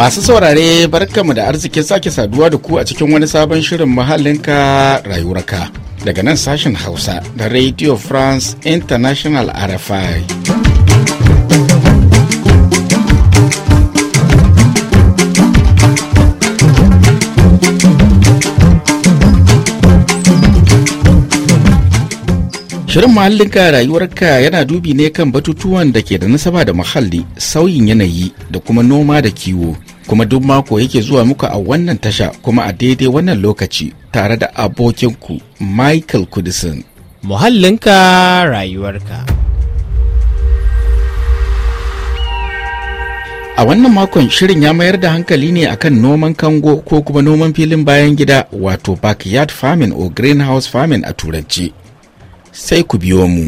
Masu saurare barkamu da arzikin sake saduwa da ku a cikin wani sabon shirin muhallin ka rayuwarka daga nan sashen Hausa da Radio France International RFI. Shirin muhallinka rayuwarka yana dubi ne kan batutuwan da ke da nasaba da muhalli, sauyin yanayi da kuma noma da kiwo. Kuma duk mako yake zuwa muku a wannan tasha kuma a daidai wannan lokaci tare da abokinku Michael Kudisin. Muhallinka rayuwarka. A wannan makon shirin ya mayar da hankali ne akan noman kango ko kuma noman filin bayan gida wato backyard farming or greenhouse farming a turanci. sai ku biyo mu.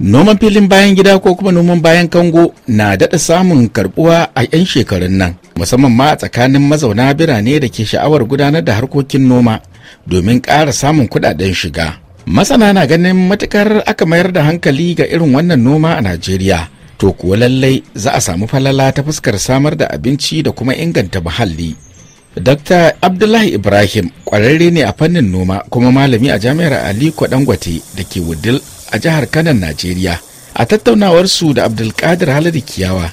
Noman filin bayan gida ko kuma noman bayan kango na daɗa samun karɓuwa a 'yan shekarun nan, musamman ma a tsakanin mazauna birane da ke sha'awar gudanar da harkokin noma domin ƙara samun kuɗaɗen shiga. Masana na ganin matukar aka mayar da hankali ga irin wannan noma a Najeriya, to kuwa lallai za a samu falala ta fuskar samar da abinci da kuma inganta muhalli. Dr. Abdullahi Ibrahim ƙwararre ne a fannin noma kuma malami a jami'ar Aliko Dangote da ke Wudil a jihar Kanan Najeriya. A tattaunawarsu da Abdulkadir Haladu Kiyawa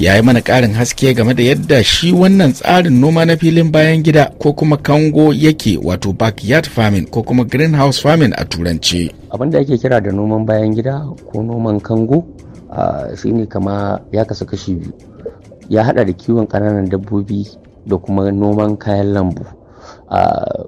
ya yi mana ƙarin haske game da yadda shi wannan tsarin noma na filin bayan gida ko kuma kango yake wato backyard farming ko kuma greenhouse farming a Turanci. Abin da ake kira da noman bayan gida ko noman kango ah, shi ne kama ya kasu kashi biyu. Ya haɗa da kiwon ƙananan dabbobi da kuma noman kayan lambu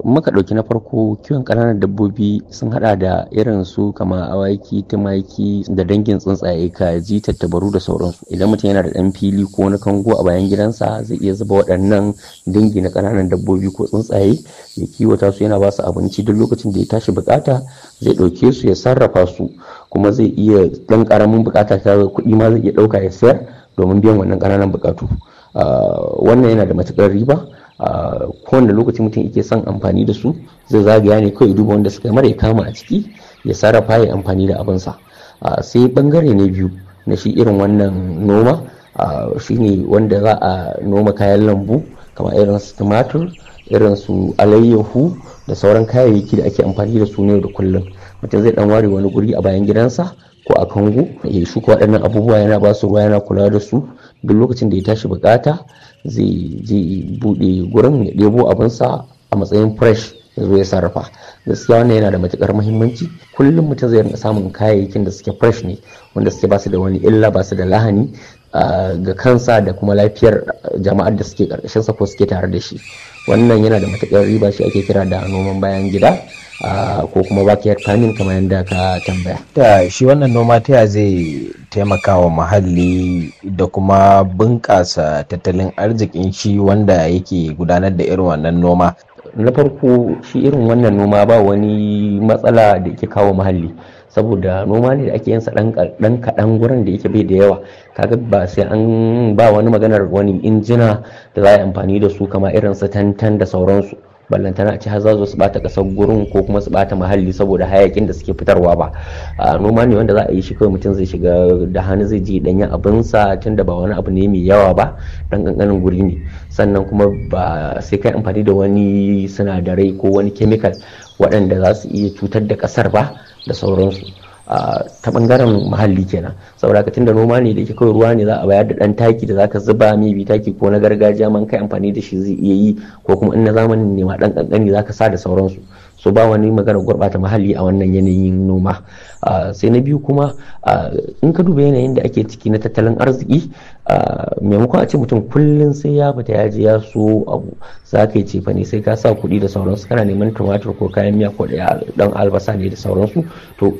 muka ɗauki na farko kiwon ƙananan dabbobi sun hada da irin su kama awaki tumaki da dangin tsuntsaye kaji tattabaru da sauransu idan mutum yana da ɗan fili ko wani kango a bayan gidansa zai iya zuba waɗannan dangi na ƙananan dabbobi ko tsuntsaye ya kiwata su yana ba su abinci duk lokacin da ya tashi bukata zai ɗauke su ya sarrafa su kuma zai iya ɗan ƙaramin bukata ta kuɗi ma zai iya ɗauka ya sayar domin biyan wannan ƙananan bukatu Ah, wannan yana da matukar riba ah, kowane lokaci mutum yake son amfani da su zai zagaya ne kawai duba wanda suka mara ya kama a ciki ya sarrafa ya amfani da abinsa ah, sai bangare na biyu na shi irin wannan noma shine wanda za a noma kayan lambu kamar irin su tumatur irin su alayyahu da sauran kayayyaki da ake amfani da su ne da kullum mutum zai dan ware wani guri a bayan gidansa ko a kango ya shuka waɗannan abubuwa yana ba su ruwa yana kula da su duk lokacin da ya tashi bukata zai je bude gurin ya ɗebo abinsa a matsayin fresh ya zo ya sarrafa gaskiya wannan yana da matukar muhimmanci kullum mutum zai rinka samun kayayyakin da suke fresh ne wanda suke basu da wani illa basu da lahani ga kansa da kuma lafiyar jama'ar da suke karkashinsa ko suke tare da shi wannan yana da matukar riba shi ake kira da noman bayan gida Ah, ko kuma backyard farming kamar yadda ka tambaya. Ta shi wannan noma ta ya zai taimaka wa muhalli da kuma bunƙasa tattalin arzikin shi wanda yake gudanar da irin wannan noma. Na farko shi irin wannan noma ba wani matsala da ke kawo muhalli. saboda noma ne da ake yin sa dan kaɗan gurin da yake bai da yawa kaga ba sai an ba wani maganar wani injina da za a yi amfani da su kama irin su tantan da sauransu ballantana a ce har za su bata kasar gurin ko kuma su bata muhalli saboda hayakin da suke fitarwa ba noma ne wanda za a yi shi kawai mutum zai shiga da hannu zai je danyen abinsa tun da ba wani abu ne mai yawa ba dan kankanin guri ne sannan kuma ba sai kai amfani da wani sinadarai ko wani kemikal waɗanda za su iya cutar da ƙasar ba da sauransu ta bangaren muhalli kenan saboda ka tunda noma ne da ke kawai ruwa ne za a bayar da dan taki da zaka zuba mai bi taki ko na gargajiya man kai amfani da shi zai iya yi ko kuma in na zamanin ne ma dan kankani zaka sa da sauransu so ba wani magana gurbata muhalli a wannan yanayin noma sai na biyu kuma in ka duba yanayin da ake ciki na tattalin arziki maimakon a ce mutum kullum sai ya fita ya je ya so abu za ka yi cefa ne sai ka sa kuɗi da sauransu kana neman tumatur ko kayan miya ko dan albasa ne da sauransu to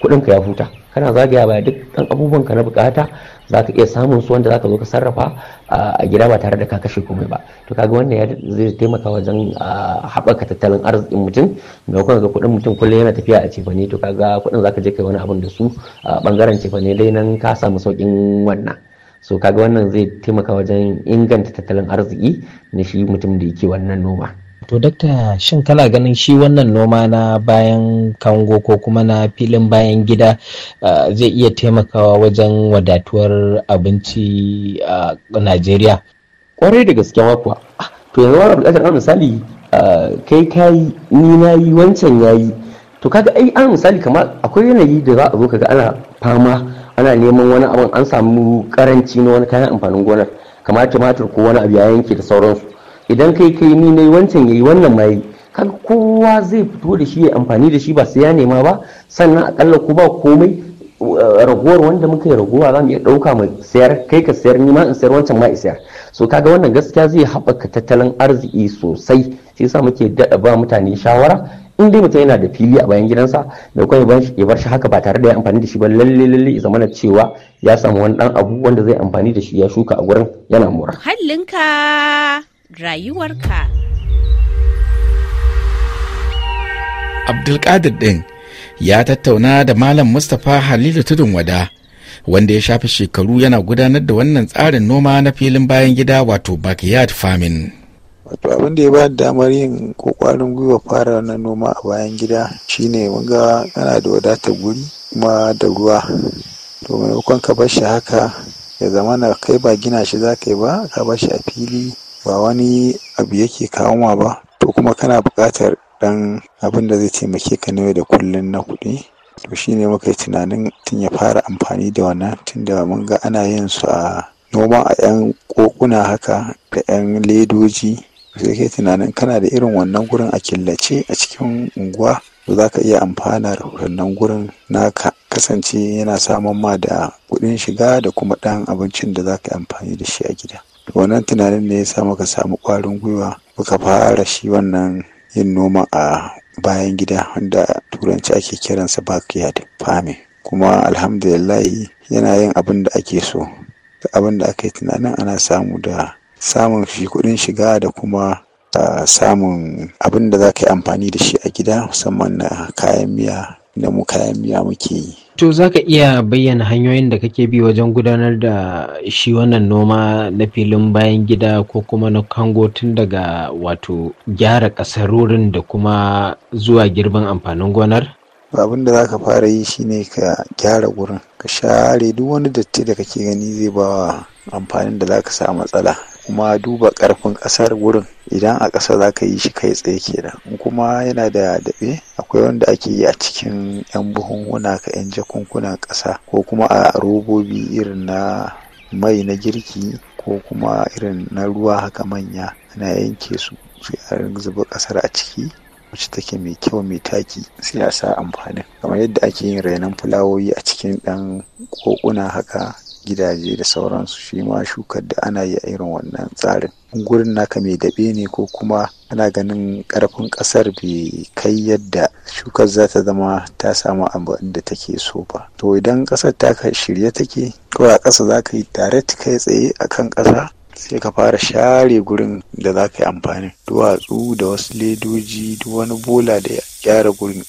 kuɗin ka ya huta kana zagaya baya duk ɗan abubuwan ka na bukata zaka iya samun su wanda za ka zo ka sarrafa a gida ba tare da ka kashe komai ba to kaga wannan zai taimaka wajen haɓaka tattalin arzikin mutum da kuma ga kuɗin mutum kullum yana tafiya a cefane to kaga kuɗin zaka je kai wani abun da su a bangaren cefane dai nan ka samu saukin wannan so kaga wannan zai taimaka wajen inganta tattalin arziki na shi mutum da yake wannan noma. To dakta shin kana ganin shi wannan noma na bayan kango ko kuma na filin bayan gida zai iya taimakawa wajen wadatuwar abinci a Najeriya? Kwarai da gaske kuwa. To yanzu wani bukatar misali kai kayi ni na yi wancan ya yi. To kaga ai an misali kamar akwai yanayi da za a zo kaga ana fama ana neman wani abin an samu karanci na wani kayan amfanin gonar kamar tumatir ko wani abu ya yanke da sauransu. idan kai kai ni nayi wancan yayi wannan ma yi kaga kowa zai fito da shi ya amfani da shi ba sai ya nema ba sannan akalla ko ba komai eh, ragowar wanda muka yi ragowa za mu iya ɗauka mai sayar kai ka sayar ni ma in sayar wancan ma in sayar so kaga wannan gaskiya zai haɓaka tattalin arziki sosai shi yasa muke daɗa ba mutane shawara in dai mutum yana da fili a bayan gidansa da kuma ya bar shi haka ba tare da ya amfani da shi ba lalle lalle ya zamana cewa ya samu wani ɗan abu wanda zai amfani da shi ya shuka a gurin yana mura. rayuwarka. Abdulkadir ɗin ya tattauna da Malam Mustapha Halilu Tudun Wada wanda ya shafi shekaru yana gudanar da wannan tsarin noma na filin bayan gida wato backyard farming. Wato abin da ya ba damar yin kokwarin gwiwa fara na noma a bayan gida shine ga yana da wadatar guri kuma da ruwa. To maimakon ka bar shi haka ya zama na kai ba gina shi za ka yi ba ka bar shi a fili ba wani abu yake kawo ba to kuma kana buƙatar ɗan abin da zai taimake ka na yau da kullun na kuɗi to shine muka yi tunanin tun ya fara amfani da wannan tunda mun ga ana yin su a noma a 'yan kokuna haka da 'yan ledoji sai kai tunanin kana da irin wannan gurin a killace a cikin unguwa to za ka iya amfana da wannan gurin naka kasance yana samun ma da kuɗin shiga da kuma ɗan abincin da za ka yi amfani da shi a gida wannan tunanin ne ya sa muka samu kwarin gwiwa muka fara shi wannan yin noma a bayan gida wanda turanci ake kiransa backyard farming kuma alhamdulillahi yana yin abin da ake so abin da aka yi tunanin ana samu da samun fi kudin shiga da kuma ah, samun abin da za ka yi amfani da shi a gida musamman na kayan miya da mu kayan miya muke yi. To za ka iya bayyana hanyoyin da kake bi wajen gudanar da shi wannan noma na filin bayan gida ko kuma na kango tun daga wato gyara kasarorin da kuma zuwa girbin amfanin gonar? abin da za ka fara yi shine ka gyara gurin ka share duk wani datti da kake gani zai ba amfanin da za ka sa matsala kuma duba karfin kasar wurin idan a ƙasa za ka yi shi kai tsaye kenan in kuma yana da daɓe akwai wanda ake yi a cikin 'yan buhunhuna ka 'yan jakunkunan ƙasa ko kuma a robobi irin na mai na girki ko kuma irin na ruwa haka manya ana yanke su sai a zuba ƙasar a ciki wacce take mai kyau mai taki sai a sa amfanin kamar yadda ake yin rainon fulawoyi a cikin ɗan kokuna haka gidaje da sauransu shi ma shukar da ana yi a irin wannan tsarin gurin naka mai daɓe ne ko kuma ana ganin ƙarfin ƙasar bai kai yadda shukar za ta zama ta samu abu da take so ba to idan ƙasar ta ka shirye take kawai a ƙasa za ka yi tare kai tsaye a kan ƙasa sai ka fara share gurin da za ka yi amfani duwatsu da wasu ledoji duk wani bola da ya gyara gurin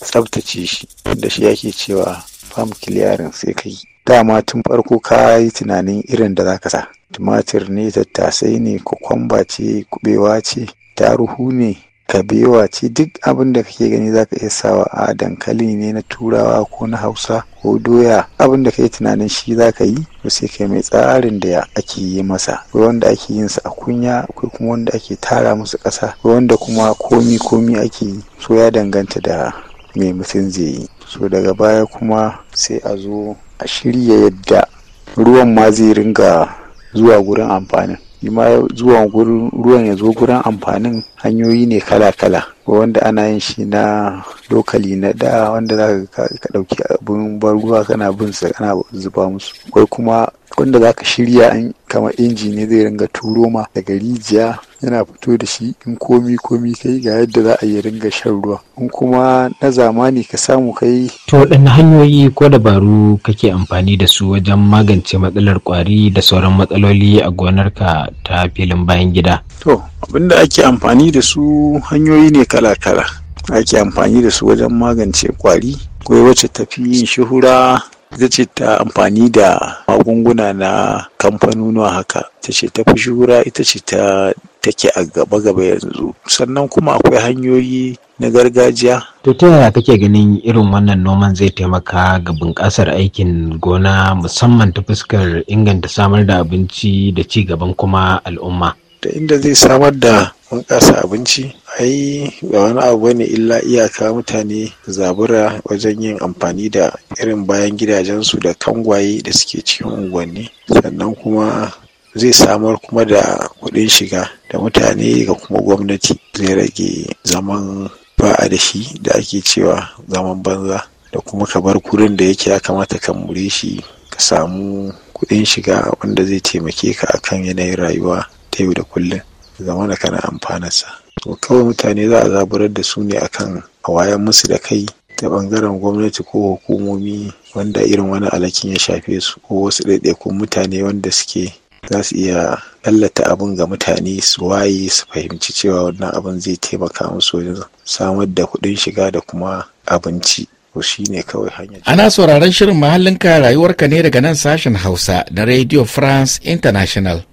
tsabtace shi da shi yake cewa farm clearing sai ka yi dama tun farko ka yi tunanin irin da za ka sa tumatir ne tattasai ne kwakwamba ce kubewa ce taruhu ne kabewa ce duk abin da kake gani za ka iya sawa a dankali ne na turawa ko na hausa ko doya abin da kai tunanin shi za ka yi to sai kai mai tsarin da ake yi masa akwai wanda ake yin sa a kunya akwai kuma wanda ake tara musu ƙasa akwai wanda kuma komi komi ake yi so ya danganta da mai mutum zai yi so daga baya kuma sai a zo a shirya yadda ruwan ma zai ringa zuwa gurin amfanin ma zuwa ruwan ya zo gurin amfanin hanyoyi ne kala-kala wanda ana yin shi na lokali na da wanda za ka ɗauki abin ruwa kana bin sa kana zuba musu kuma wanda za ka shirya kamar inji ne zai ringa turo ma daga rijiya yana fito da shi in komi komi kai ga yadda za a yi ringa shan ruwa in kuma na zamani ka samu kai to waɗanne hanyoyi ko dabaru kake amfani da su wajen magance matsalar kwari da sauran matsaloli a gonarka ta filin bayan gida to abinda ake amfani da su hanyoyi ne kala kala ake amfani da su wajen magance kwari akwai wacce tafi yin shuhura ita ce ta amfani da magunguna na kamfanonuwa haka ita ce ta fi shura ita ce ta take a gaba-gaba yanzu sannan kuma akwai hanyoyi na gargajiya. To ta yaya kake ganin irin wannan noman zai taimaka ga bunƙasar aikin gona musamman ta fuskar inganta samar da abinci da ci gaban kuma al'umma? ta inda zai samar da bunƙasa abinci ai ba wani abu bane illa iyaka mutane zabura wajen yin amfani da irin bayan gidajensu da kangwaye da suke cikin unguwanni sannan kuma zai samar kuma da kuɗin shiga da mutane ga kuma gwamnati zai rage zaman ba'a da shi da ake cewa zaman banza da kuma ka bar kurin da yake ya kamata ka mure shi ka samu kuɗin shiga wanda zai taimake ka akan yanayin rayuwa ta yau da kullum zamana kana amfanarsa to kawai mutane za a zaburar da su ne akan a wayan musu da kai ta bangaren gwamnati ko hukumomi wanda irin wani alakin ya shafe su ko wasu ɗaiɗaikun mutane wanda suke za su iya tallata abin ga mutane su waye su fahimci cewa wannan abin zai taimaka musu wajen samar da kuɗin shiga da kuma abinci ko shi ne kawai hanyar. Ana sauraron shirin mahallinka rayuwarka ne daga nan sashen Hausa na Radio France International.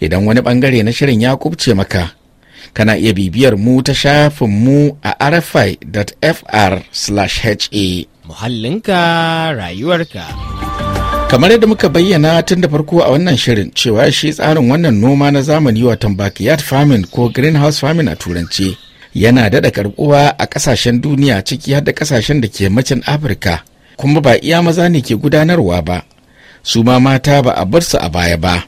idan wani bangare na shirin ya kubce maka kana iya bibiyar mu ta shafin mu a rfi.fr/ha muhallinka rayuwarka kamar yadda muka bayyana tun da farko a wannan shirin cewa shi tsarin wannan noma na zamani wa tambakiyat farming ko greenhouse farming a turance yana daɗa karbuwa a ƙasashen duniya ciki har da ƙasashen da ke macin afirka kuma ba iya maza ne ke gudanarwa ba su ma mata ba a bar su a baya ba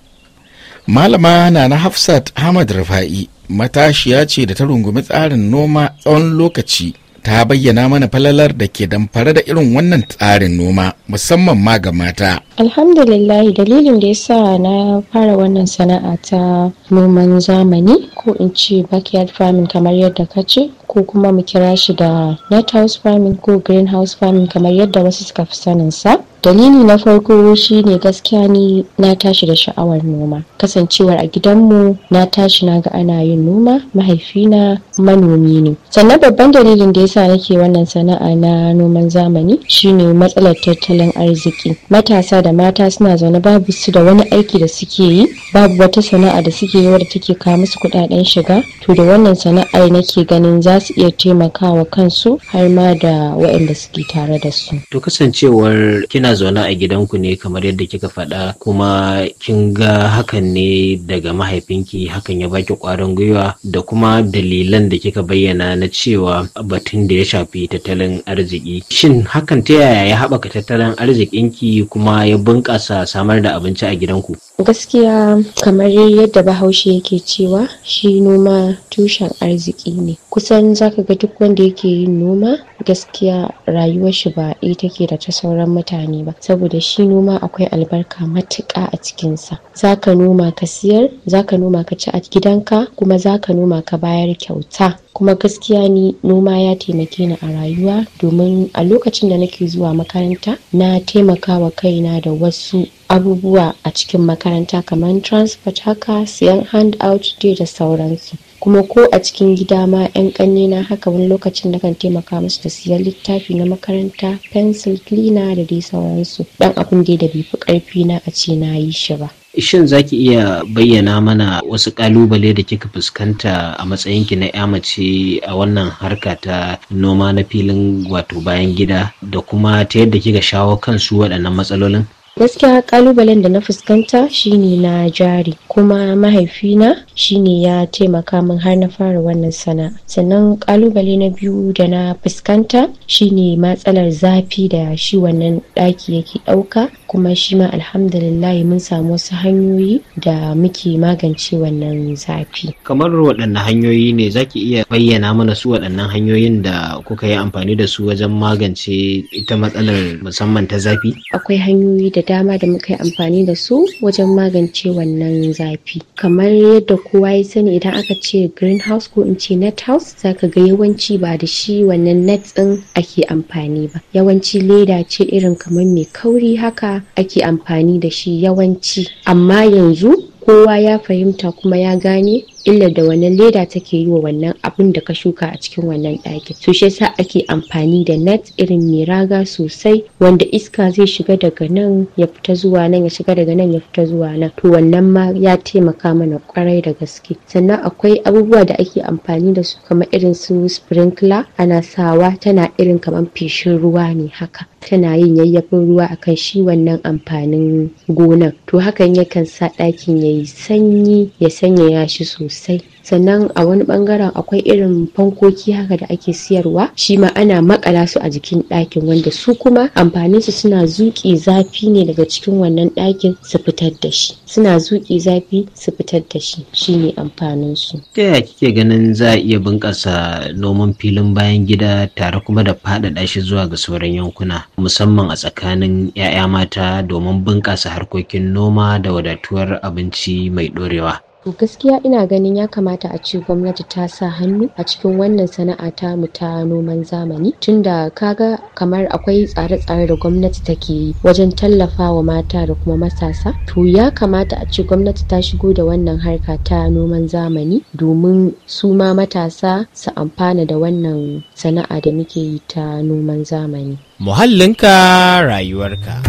malama na na hafsat ahmad rufa'i matashiya ce da ta rungumi tsarin noma tsawon lokaci ta bayyana mana falalar da ke damfare da irin wannan tsarin noma musamman ma ga mata. Alhamdulillah dalilin da ya sa na fara wannan sana'a ta noman zamani ko in ce backyard farming kamar yadda ka ce ko kuma mu kira shi da net house farming ko house farming kamar yadda wasu suka fi saninsa. dalili na farko shi ne gaskiya ni na tashi da sha'awar noma kasancewar a gidanmu na tashi na ga ana yin noma mahaifina manomi ne sannan babban dalilin da yasa nake wannan sana'a na noman zamani shine matsalar tattalin arziki matasa da mata suna zaune babu su da wani aiki da suke yi babu wata sana'a da suke yi wadda take kawo musu kudaden shiga to da wannan sana'a nake ganin za su iya taimakawa kansu har ma da waɗanda suke tare da su to kasancewar kina zaune a gidanku ne kamar yadda kika faɗa kuma kin ga hakan ne daga mahaifinki hakan ya baki ƙwarin gwiwa da kuma dalilan da kika bayyana na cewa batun da ya shafi tattalin arziki shin hakan ta yaya ya haɓaka tattalin arzikinki kuma ya bunƙasa samar da abinci a gidanku gaskiya kamar yadda bahaushe yake cewa shi noma tushen arziki ne kusan zaka ga duk wanda yake yin noma gaskiya rayuwar shi ba ita take da ta sauran mutane ba saboda shi noma akwai albarka matuƙa a cikin sa zaka noma ka siyar zaka noma ka ci a gidanka kuma zaka noma ka bayar kyauta kuma gaskiya ni noma ya taimake ni a rayuwa domin a lokacin da nake zuwa makaranta na taimakawa kaina da wasu abubuwa a cikin makaranta kamar transport haka siyan out dai da sauransu kuma ko a cikin gida ma 'yan kanne na haka wani lokacin da kan taimaka musu da siyan littafi na makaranta pencil cleaner da dai sauransu dan abin da da bai fi karfi na a ce na yi shi ba Shin za ki iya bayyana mana wasu ƙalubale da kika fuskanta a matsayinki na 'ya mace a wannan harka ta noma na filin wato bayan gida da kuma ta yadda kika shawo kansu waɗannan matsalolin? gaskiya ƙalubalen da na fuskanta shine na jari kuma mahaifina shine ya taimaka min har na fara wannan sana'a sannan kalubale na biyu da na fuskanta shine matsalar zafi da shi wannan ɗaki yake ɗauka kuma shi ma alhamdulillah mun samu wasu hanyoyi da muke magance wannan zafi kamar waɗanne hanyoyi ne zaki iya bayyana mana su waɗannan hanyoyin da kuka yi amfani da su wajen magance ita matsalar musamman ta zafi akwai hanyoyi da dama da muka yi amfani da su wajen magance wannan zafi kamar yadda kowa ya sani idan aka ce greenhouse ko in ce net house zaka ga yawanci ba da shi wannan net ɗin ake amfani ba yawanci leda ce irin kamar mai kauri haka ake amfani da shi yawanci amma yanzu kowa ya fahimta kuma ya gane illar da wannan leda take yi wa wannan abin da ka shuka a cikin wannan ɗakin so shi yasa ake amfani da net irin mai raga sosai wanda iska zai shiga daga nan ya fita zuwa nan ya shiga daga nan ya fita zuwa nan to wannan ma ya taimaka mana kwarai da gaske sannan akwai abubuwa da ake amfani da su kamar irin su sprinkler ana sawa tana irin kamar feshin ruwa ne haka tana yin yayyafin ruwa akan shi wannan amfanin gonan to hakan yakan sa ɗakin ya yi sanyi ya sanyaya shi sosai sannan a wani bangaren akwai irin fankoki haka da ake siyarwa shi ma ana maƙala su a jikin ɗakin wanda su kuma amfanin su suna zuƙi zafi ne daga cikin wannan ɗakin su fitar da shi suna zuƙi zafi su fitar da shi shine amfanin su ta yaya kike ganin za a iya bunƙasa noman filin bayan gida tare kuma da faɗaɗa shi zuwa ga sauran yankuna musamman a tsakanin 'ya'ya mata domin bunƙasa harkokin noma da wadatuwar abinci mai ɗorewa To gaskiya ina ganin ya kamata a ce gwamnati ta sa hannu a cikin wannan sana'a ta mu ta noman zamani tunda kaga kamar akwai tsare-tsare da gwamnati take yi wajen wa mata da kuma matasa. To ya kamata a ce gwamnati ta shigo da wannan harka ta noman zamani domin su ma matasa su amfana da wannan sana'a da muke yi ta noman zamani. Muhallinka rayuwarka.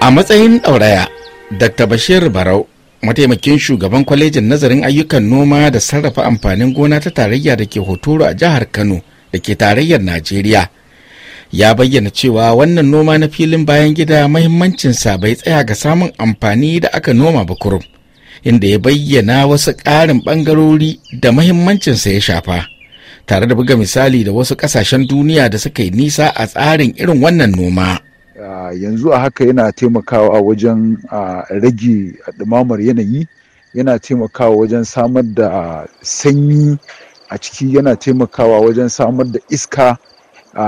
a matsayin ɗauraya dr bashir barau mataimakin shugaban kwalejin nazarin ayyukan noma da sarrafa amfanin gona ta tarayya da ke hotoro a jihar kano da ke tarayyar najeriya ya bayyana cewa wannan noma na filin bayan gida mahimmancinsa bai tsaya ga samun amfani da aka noma ba inda ya bayyana wasu ƙarin ɓangarori da mahimmancinsa ya shafa tare da buga misali da wasu ƙasashen duniya da suka yi nisa a tsarin irin wannan noma. yanzu a haka yana taimakawa wajen rage ɗumamar yanayi yana taimakawa wajen samar da sanyi a ciki yana taimakawa wajen samar da iska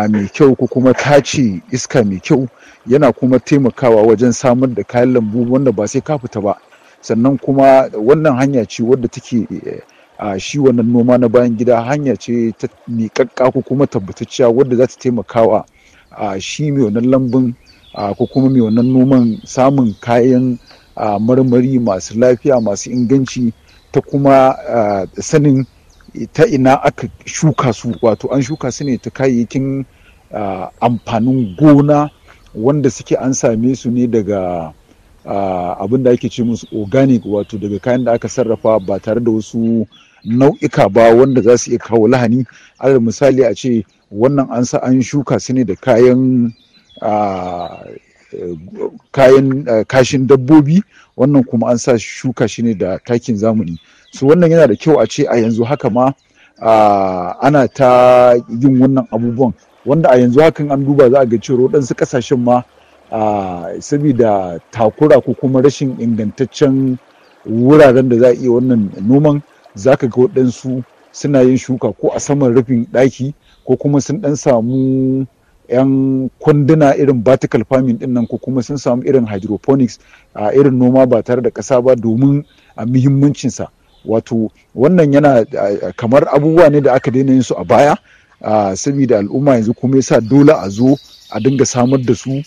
mai kyau ko kuma tace iska mai kyau yana kuma taimakawa wajen samar da kayan lambu wanda ba sai ka fita ba sannan kuma wannan hanya ce wadda take a shi wannan noma na bayan gida hanya ce ta miƙaƙƙa ko kuma tabbatacciya wadda za ta taimakawa a shi mai wannan lambun ko kuma mai wannan noman samun kayan marmari masu lafiya masu inganci ta kuma sanin ta ina aka shuka su wato an shuka su ne ta kayayyakin amfanin gona wanda suke an same su ne daga abin da ake ce musu organic wato daga kayan da aka sarrafa ba tare da wasu nau'ika ba wanda za su iya kawo lahani alal misali a ce wannan an an shuka su ne da kayan kayan kashin dabbobi wannan kuma an sa shuka shi ne da takin zamani su wannan yana da kyau a ce a yanzu haka ma ana ta yin wannan abubuwan wanda a yanzu hakan an duba za a ga cewa waɗansu ƙasashen ma saboda takura ko kuma rashin ingantaccen wuraren da za a iya wannan noman za ka ga waɗansu suna yin shuka ko a saman rufin ɗaki ko kuma sun ɗan samu 'yan kwanduna irin vertical farming din nan ko kuma sun samu irin hydroponics a irin noma ba tare da ƙasa ba domin a muhimmancinsa wato wannan yana kamar abubuwa ne da aka daina yin su a baya saboda al'umma yanzu kuma yasa dole a zo a dinga samar da su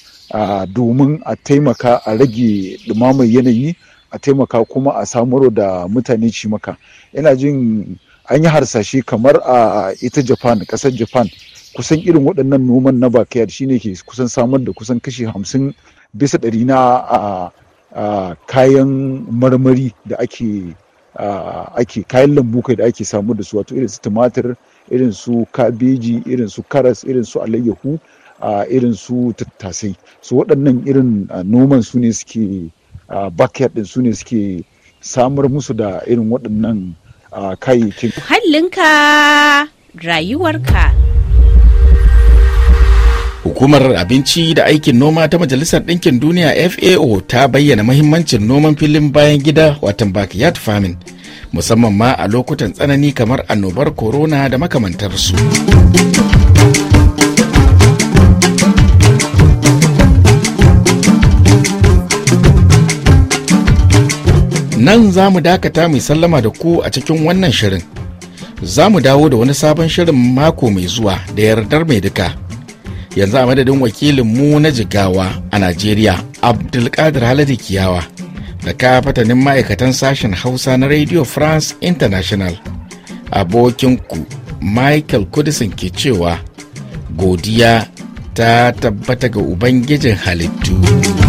domin a taimaka a rage dumamar yanayi a taimaka kuma a samarwa da mutane maka. Ina jin an yi harsashe kamar a ita japan ƙasar japan kusan irin waɗannan noman na backyard shine ke kusan samar da kusan kashi hamsin bisa ɗari na kayan marmari da ake ake kayan lambu kai da ake samu da su wato irin su tumatir irin su kabeji irin su karas irin su alayyahu irin su tattasai su waɗannan irin noman su ne suke backyard ɗin su ne suke samar musu da irin waɗannan kayayyakin. Hallinka rayuwarka. Hukumar Abinci da Aikin Noma ta Majalisar Ɗinkin Duniya FAO ta bayyana mahimmancin noman filin bayan gida watan backyard farming musamman ma a lokutan tsanani kamar annobar corona da makamantarsu. Nan za mu dakata mai sallama da ku a cikin wannan shirin. Za mu dawo da wani sabon shirin mako mai zuwa da yardar mai duka. yanzu a madadin wakilin mu na jigawa a najeriya abdulkadir haladi kiyawa da ka fatanin ma'aikatan sashen hausa na radio france international abokinku michael kudisin ke cewa godiya ta tabbata ga ubangijin halittu.